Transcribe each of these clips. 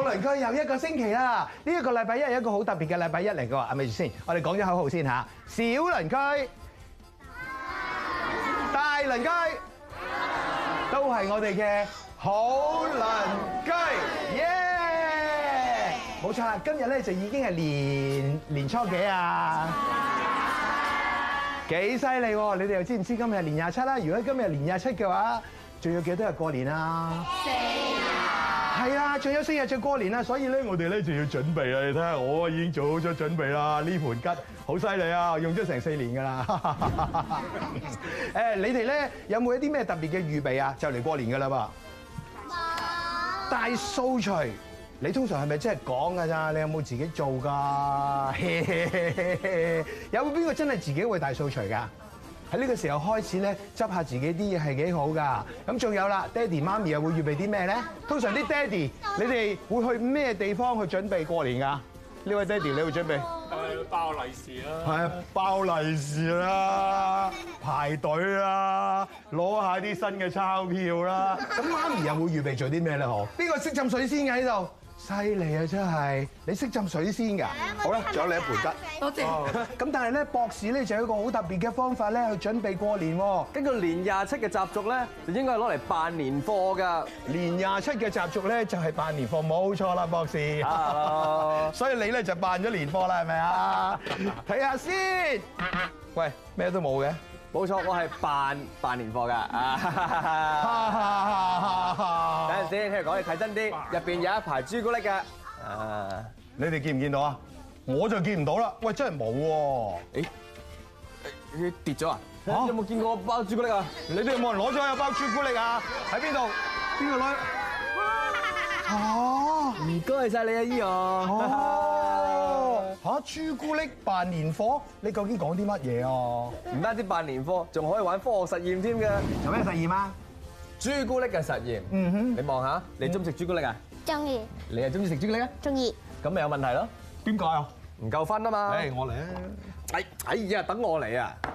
好鄰居又一個星期啦！呢一個禮拜一係一個好特別嘅禮拜一嚟㗎喎，係咪住先，我哋講咗口號先吓：小鄰居、大鄰居，都係我哋嘅好鄰居，耶！冇錯啦，今日咧就已經係年年初幾啊？幾犀利喎！你哋又知唔知今日係年廿七啦？如果今日係年廿七嘅話，仲要幾多日過年啊？係啊，仲有四日就過年啦，所以咧我哋咧就要準備啦。你睇下，我已經做好咗準備啦。呢盤吉好犀利啊，用咗成四年㗎啦。誒，你哋咧有冇一啲咩特別嘅預備啊？就嚟過年㗎啦噃。大掃除，你通常係咪真係講㗎咋？你有冇自己做㗎？ 有冇邊個真係自己會大掃除㗎？喺呢個時候開始咧，執下自己啲嘢係幾好噶。咁仲有啦，爹哋媽咪又會預備啲咩咧？通常啲爹哋，你哋會去咩地方去準備過年噶？呢位爹哋，你會準備？誒，包利是啦。係啊，包利是啦，排隊啦，攞下啲新嘅鈔票啦。咁媽咪又會預備做啲咩咧？好，邊個識浸水先㗎？喺度。犀利啊，真係！你識浸水仙㗎？好啦，仲有你一盆吉謝謝、哦。多謝。咁但係咧，博士咧就有一個好特別嘅方法咧，去準備過年喎。根據年廿七嘅習俗咧，就應該係攞嚟辦年貨㗎。年廿七嘅習俗咧就係辦年貨，冇錯啦，博士。Hello. 所以你咧就辦咗年貨啦，係咪啊？睇下先。 喂，咩都冇嘅。冇錯，我係辦辦年貨噶啊！ 等陣先，聽佢講，你睇真啲。入邊有一排朱古力嘅，誒， 你哋見唔見到啊？我就見唔到啦。喂，真係冇喎！誒，跌咗啊？欸、啊有冇見過包朱古力啊？你哋有冇人攞咗有包朱古力啊？喺邊度？邊個女？ 唔該曬你阿姨哦！嚇朱古力辦年貨，你究竟講啲乜嘢啊？唔單止辦年貨，仲可以玩科學實驗添嘅。有咩實驗啊？朱古力嘅實驗。嗯哼，你望下，你中唔中意食朱古力啊？中意。你係中唔中意食朱古力啊？中意。咁咪有問題咯。點解啊？唔夠分啊嘛。誒，我嚟啊！哎哎呀，等我嚟啊！係，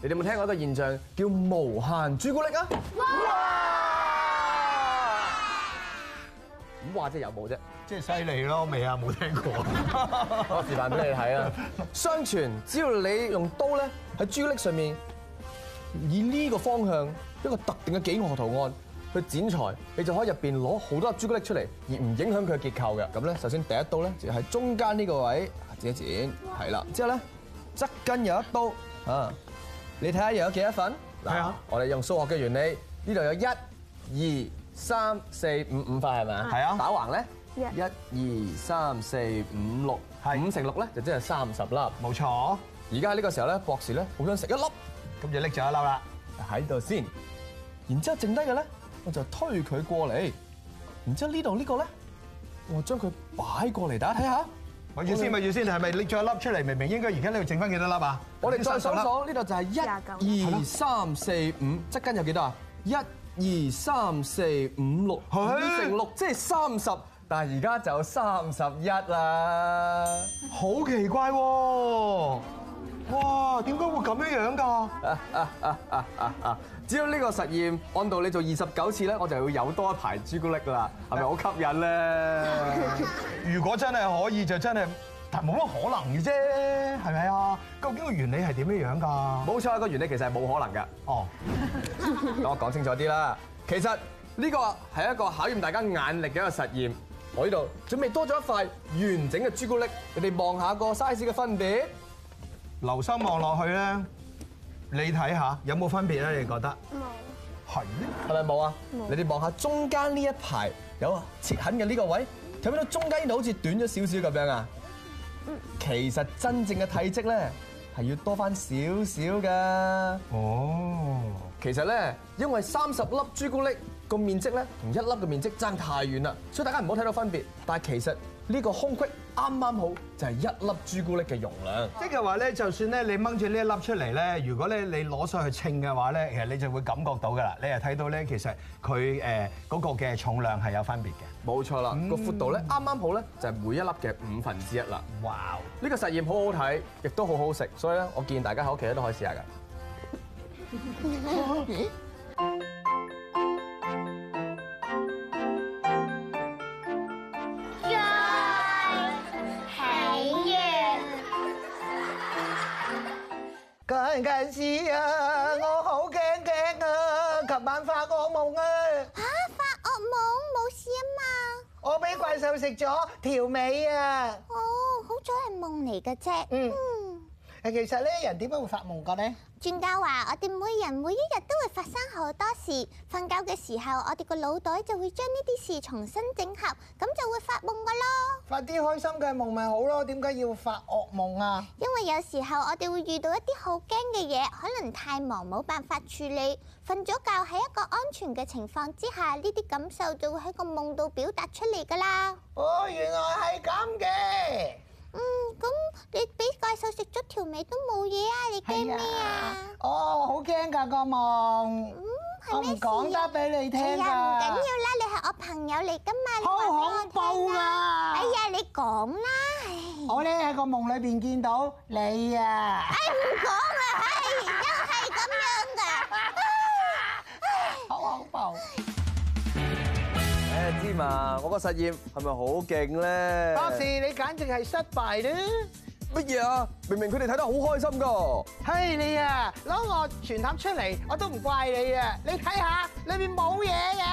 你哋有冇聽過一個現象叫無限朱古力啊？哇！即係有冇啫，即係犀利咯，未啊？冇聽過，我示範俾你睇啊！相傳只要你用刀咧喺朱古力上面，以呢個方向一個特定嘅幾何圖案去剪裁，你就可以入邊攞好多粒朱古力出嚟，而唔影響佢嘅結構嘅。咁咧，首先第一刀咧就喺中間呢個位剪一剪，係啦。之後咧側跟有一刀啊！你睇下又有幾多份？嗱，我哋用數學嘅原理，呢度有一二。三四五五塊係咪？係啊。打橫咧，一二三四五六，五乘六咧就即係三十粒，冇錯。而家喺呢個時候咧，博士咧好想食一粒，咁就拎咗一粒啦，喺度先。然之後剩低嘅咧，我就推佢過嚟。然之後呢度呢個咧，我將佢擺過嚟，大家睇下。咪住先咪住先，係咪拎咗一粒出嚟？明明應該而家呢度剩翻幾多粒啊？我哋再數數，呢度就係一二三四五，積金有幾多啊？一。二三四五六，成六是即係三十，但係而家就三十一啦，好奇怪喎！哇，點解會咁樣樣㗎？ 只要呢個實驗，按道理做二十九次咧，我就會有多一排朱古力啦，係咪好吸引咧？ 如果真係可以，就真係。但冇乜可能嘅啫，係咪啊？究竟個原理係點樣樣㗎？冇錯，個原理其實係冇可能㗎。哦，等 我講清楚啲啦。其實呢個係一個考驗大家眼力嘅一個實驗。我呢度準備多咗一塊完整嘅朱古力，你哋望下個 size 嘅分別。留心望落去咧，你睇下有冇分別咧？你覺得有有？冇有。係嗎，係咪冇啊？有你哋望下中間呢一排有啊，切痕嘅呢個位，睇唔到中間呢度好似短咗少少咁樣啊？其實真正嘅體積咧係要多返少少㗎。哦，oh. 其實咧，因為三十粒朱古力個面積咧，同一粒嘅面積爭太遠啦，所以大家唔好睇到分別。但係其實呢個空隙。啱啱好就係、是、一粒朱古力嘅容量，啊、即係話咧，就算咧你掹住呢一粒出嚟咧，如果咧你攞上去稱嘅話咧，其實你就會感覺到㗎啦。你又睇到咧，其實佢誒嗰個嘅重量係有分別嘅。冇錯啦，嗯、個闊度咧啱啱好咧就係、是、每一粒嘅五分之一啦。哇！呢個實驗好好睇，亦都好好食，所以咧我建議大家喺屋企咧都可以試下㗎。 啊怪事啊！我好驚驚啊！琴晚發惡夢啊！嚇、啊，發惡夢冇事啊嘛？我俾怪獸食咗條尾啊！哦，好彩係夢嚟嘅啫。嗯。其實咧，人點解會發夢噶咧？專家話：我哋每人每一日都會發生好多事，瞓覺嘅時候，我哋個腦袋就會將呢啲事重新整合，咁就會發夢噶咯。發啲開心嘅夢咪好咯，點解要發惡夢啊？因為有時候我哋會遇到一啲好驚嘅嘢，可能太忙冇辦法處理，瞓咗覺喺一個安全嘅情況之下，呢啲感受就會喺個夢度表達出嚟噶啦。哦，原來係咁嘅。嗯，咁你俾怪獸食咗條尾都冇嘢啊？你驚咩啊？哦，好驚噶個夢。嗯，係咩？講得俾你聽啊？唔緊要啦，你係我朋友嚟噶嘛？好恐怖啊！哎呀，你講啦。我咧喺個夢裏邊見到你啊！哎，唔講啦，哎，原來係咁樣噶，好恐怖。芝麻，我個實驗係咪好勁咧？博士，你簡直係失敗咧！乜嘢啊？明明佢哋睇得好開心噶。嘿、hey, 你啊，攞我全盒出嚟，我都唔怪你啊！你睇下，裏面冇嘢嘅。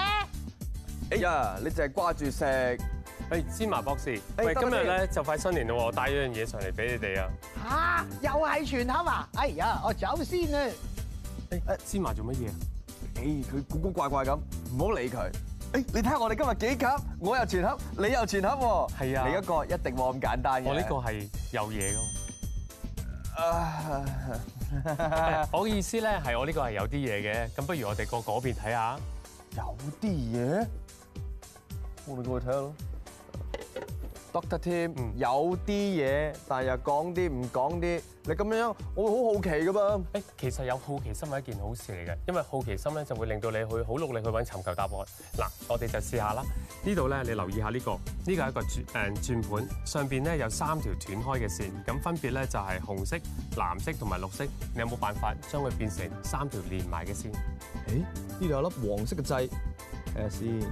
哎呀 hey、yeah，你淨係掛住食。哎，芝麻博士，喂 hey，今日咧就快新年咯，我帶咗樣嘢上嚟俾你哋啊。吓，又係全盒啊？哎呀，我走先啦。哎、hey, 啊，芝麻做乜嘢啊？哎，佢古古怪怪咁，唔好理佢。誒、欸，你睇下我哋今日幾急，我又全盒，你又全盒喎。係啊，啊你一個一定冇咁簡單嘅，啊 哎，我呢個係有嘢㗎，啊，我嘅意思咧係我呢個係有啲嘢嘅，咁不如我哋過嗰邊睇下，有啲嘢，我哋過去睇下咯。Doctor Tim, 有啲嘢，但又講啲唔講啲，你咁樣我會好好奇噶噃。誒、欸，其實有好奇心係一件好事嚟嘅，因為好奇心咧就會令到你去好努力去搵尋求答案。嗱，我哋就試下啦。呢度咧，你留意下呢個，呢個係一個轉誒、呃、轉盤，上邊咧有三條斷開嘅線，咁分別咧就係紅色、藍色同埋綠色。你有冇辦法將佢變成三條連埋嘅線？誒、欸，呢度有粒黃色嘅掣，睇下先。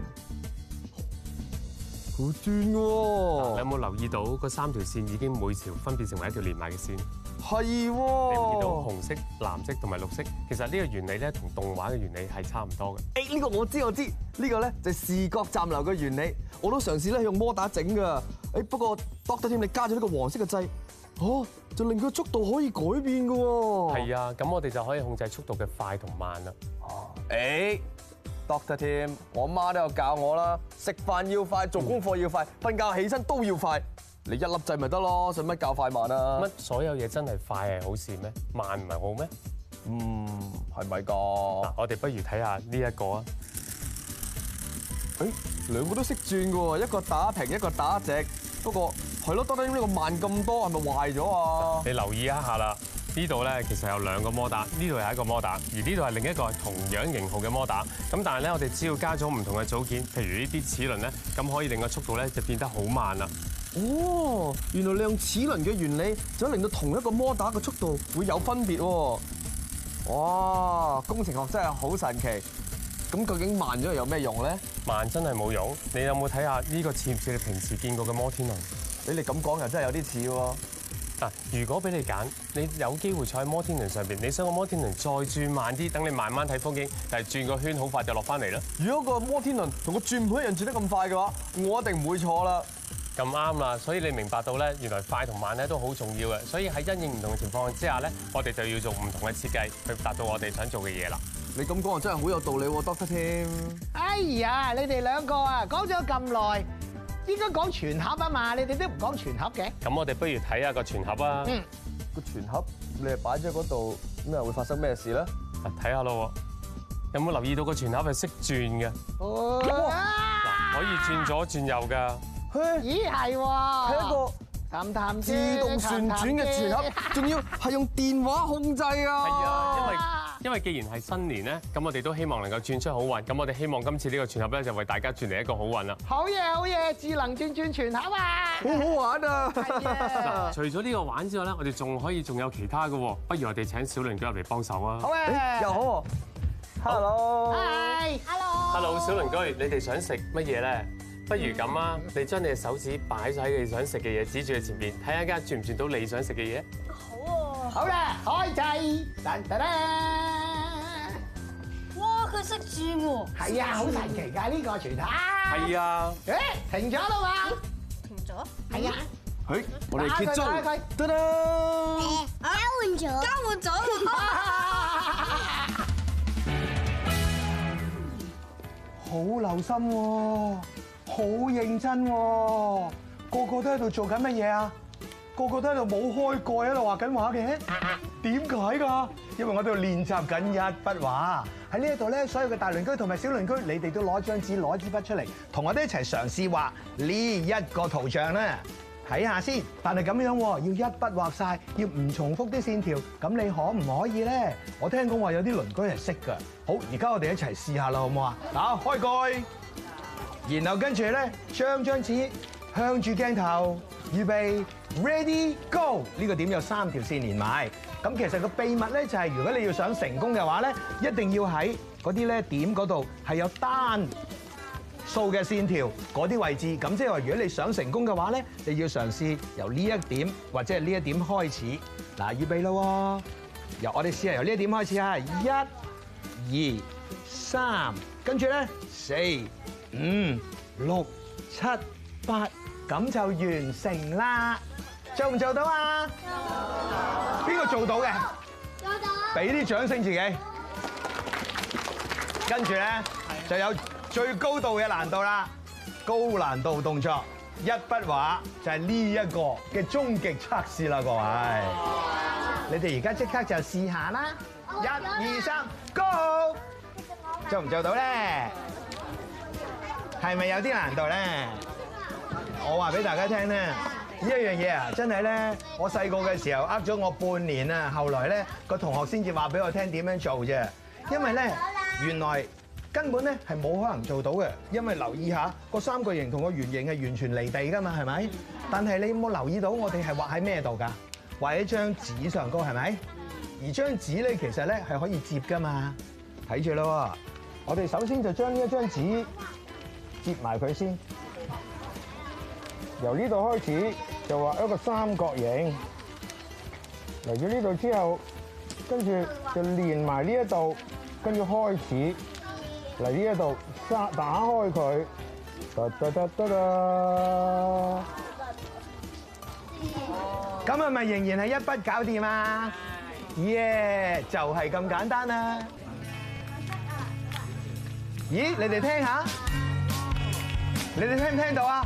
好短，啊啊、你有冇留意到嗰三條線已經每條分別成為一條連埋嘅線？係、哦。你見到紅色、藍色同埋綠色，其實呢個原理咧同動畫嘅原理係差唔多嘅。誒、哎，呢、這個我知我知，這個、呢個咧就是、視覺暫留嘅原理。我都嘗試咧用摩打整噶。誒、哎，不過 Doctor Tim 你加咗呢個黃色嘅掣，哦、啊，就令佢速度可以改變嘅。係啊，咁我哋就可以控制速度嘅快同慢啦。哦、啊，誒、哎。doctor 添，我媽都有教我啦，食飯要快，做功課要快，瞓覺起身都要快。你一粒掣咪得咯，使乜教快慢啊？乜所有嘢真係快係好事咩？慢唔係好咩？嗯，係咪個？嗱，我哋不如睇下呢一個啊。誒，兩個都識轉㗎喎，一個打平，一個打直。不過，係咯，到底呢個慢咁多，係咪壞咗啊？你留意一下啦。呢度咧其實有兩個摩打，呢度係一個摩打，而呢度係另一個同樣型號嘅摩打。咁但係咧，我哋只要加咗唔同嘅組件，譬如呢啲齒輪咧，咁可以令個速度咧就變得好慢啦。哦，原來你用齒輪嘅原理，就令到同一個摩打嘅速度會有分別喎。哇，工程學真係好神奇。咁究竟慢咗有咩用咧？慢真係冇用。你有冇睇下呢個似唔似你平時見過嘅摩天輪？你哋咁講又真係有啲似喎。嗱，如果俾你揀，你有機會坐喺摩天輪上邊，你想個摩天輪再轉慢啲，等你慢慢睇風景，但係轉個圈好快就落翻嚟啦。如果個摩天輪同個轉盤一樣轉得咁快嘅話，我一定唔會坐啦。咁啱啦，所以你明白到咧，原來快同慢咧都好重要嘅。所以喺因應唔同嘅情況之下咧，我哋就要做唔同嘅設計，去達到我哋想做嘅嘢啦。你咁講啊，真係好有道理喎，Doctor Tim，哎呀，你哋兩個啊，講咗咁耐。應該講全盒啊嘛，你哋都唔講全盒嘅。咁我哋不如睇下個全盒啊。嗯，個全盒你係擺咗嗰度，咁又會發生咩事咧？啊，睇下咯。有冇留意到個全盒係識轉嘅，嗯？哦，嗱，可以轉左轉右㗎。咦係喎，係一個探探先，自動旋轉嘅全盒，仲要係用電話控制啊！係啊。因為既然係新年咧，咁我哋都希望能夠轉出好運，咁我哋希望今次呢個全盒咧就為大家轉嚟一個好運啦。好嘢，好嘢，智能轉轉全盒啊！好好玩啊！ 對 除咗呢個玩之外咧，我哋仲可以仲有其他嘅喎，不如我哋請小鄰居入嚟幫手啊！好啊，又好。Hello，係，Hello，Hello，小鄰居，你哋想食乜嘢咧？不如咁啊，你將你嘅手指擺咗喺你想食嘅嘢，指住佢前面，睇下一間轉唔轉到你想食嘅嘢。好啦，開掣，噔噔噔！哇，佢識轉喎！係啊，好神奇㗎呢個全盒。係啊。誒，停咗啦嘛？停咗。係啊。誒，我哋決賽。開開開，噔噔。交換咗，交換咗。好留心喎，好認真喎，個個都喺度做緊乜嘢啊？個個都喺度冇開蓋喺度畫緊畫嘅，點解㗎？因為我哋練習緊一筆畫喺呢一度咧，所有嘅大鄰居同埋小鄰居，你哋都攞張紙攞支筆出嚟，同我哋一齊嘗試畫呢一個圖像啦。睇下先，但係咁樣要一筆畫晒，要唔重複啲線條，咁你可唔可以咧？我聽講話有啲鄰居係識㗎。好，而家我哋一齊試下啦，好唔好啊？嗱，開蓋，然後跟住咧，將張紙向住鏡頭，預備。Ready go！呢個點有三條線連埋，咁其實個秘密咧就係如果你要想成功嘅話咧，一定要喺嗰啲咧點嗰度係有單數嘅線條嗰啲位置，咁即係話如果你想成功嘅話咧，你要嘗試由呢一點或者係呢一點開始。嗱，預備咯，由我哋試下由呢一點開始啊！一、二、三，跟住咧四、五、六、七、八，咁就完成啦。做唔做到啊？邊個做到嘅？做到。俾啲掌聲自己。跟住咧，了就有最高度嘅難度啦，高難度動作，一筆畫就係呢一個嘅終極測試啦，各位。你哋而家即刻就試下啦！一、二、三，Go！做唔做到咧？係咪有啲難度咧？我話俾大家聽咧。呢一樣嘢啊，真係咧！我細個嘅時候呃咗我半年啊，後來咧個同學先至話俾我聽點樣做啫。因為咧原來根本咧係冇可能做到嘅，因為留意下個三角形同個圓形係完全離地㗎嘛，係咪？但係你有冇留意到我哋係畫喺咩度㗎？畫喺張紙上高係咪？而紙咧其實咧係可以折㗎嘛。睇住咯，我哋首先就將呢一張紙折埋佢先，由呢度開始。又話一個三角形嚟咗呢度之後，跟住就連埋呢一度，跟住開始嚟呢一度，打開佢，得得得得啦！咁係咪仍然係一筆搞掂啊？耶！就係咁簡單啦！咦？你哋聽下，你哋聽唔聽到啊？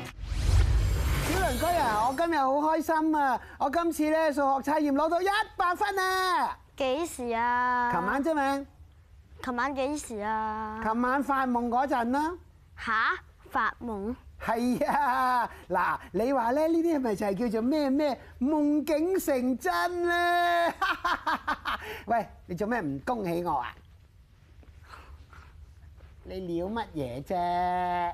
今日我今日好開心啊！我今次咧數學測驗攞到一百分啊！幾時啊？琴晚啫嘛？琴晚幾時啊？琴晚發夢嗰陣啊！吓？發夢？係啊！嗱，你話咧，呢啲係咪就係叫做咩咩？夢境成真咧！喂，你做咩唔恭喜我啊？你料乜嘢啫？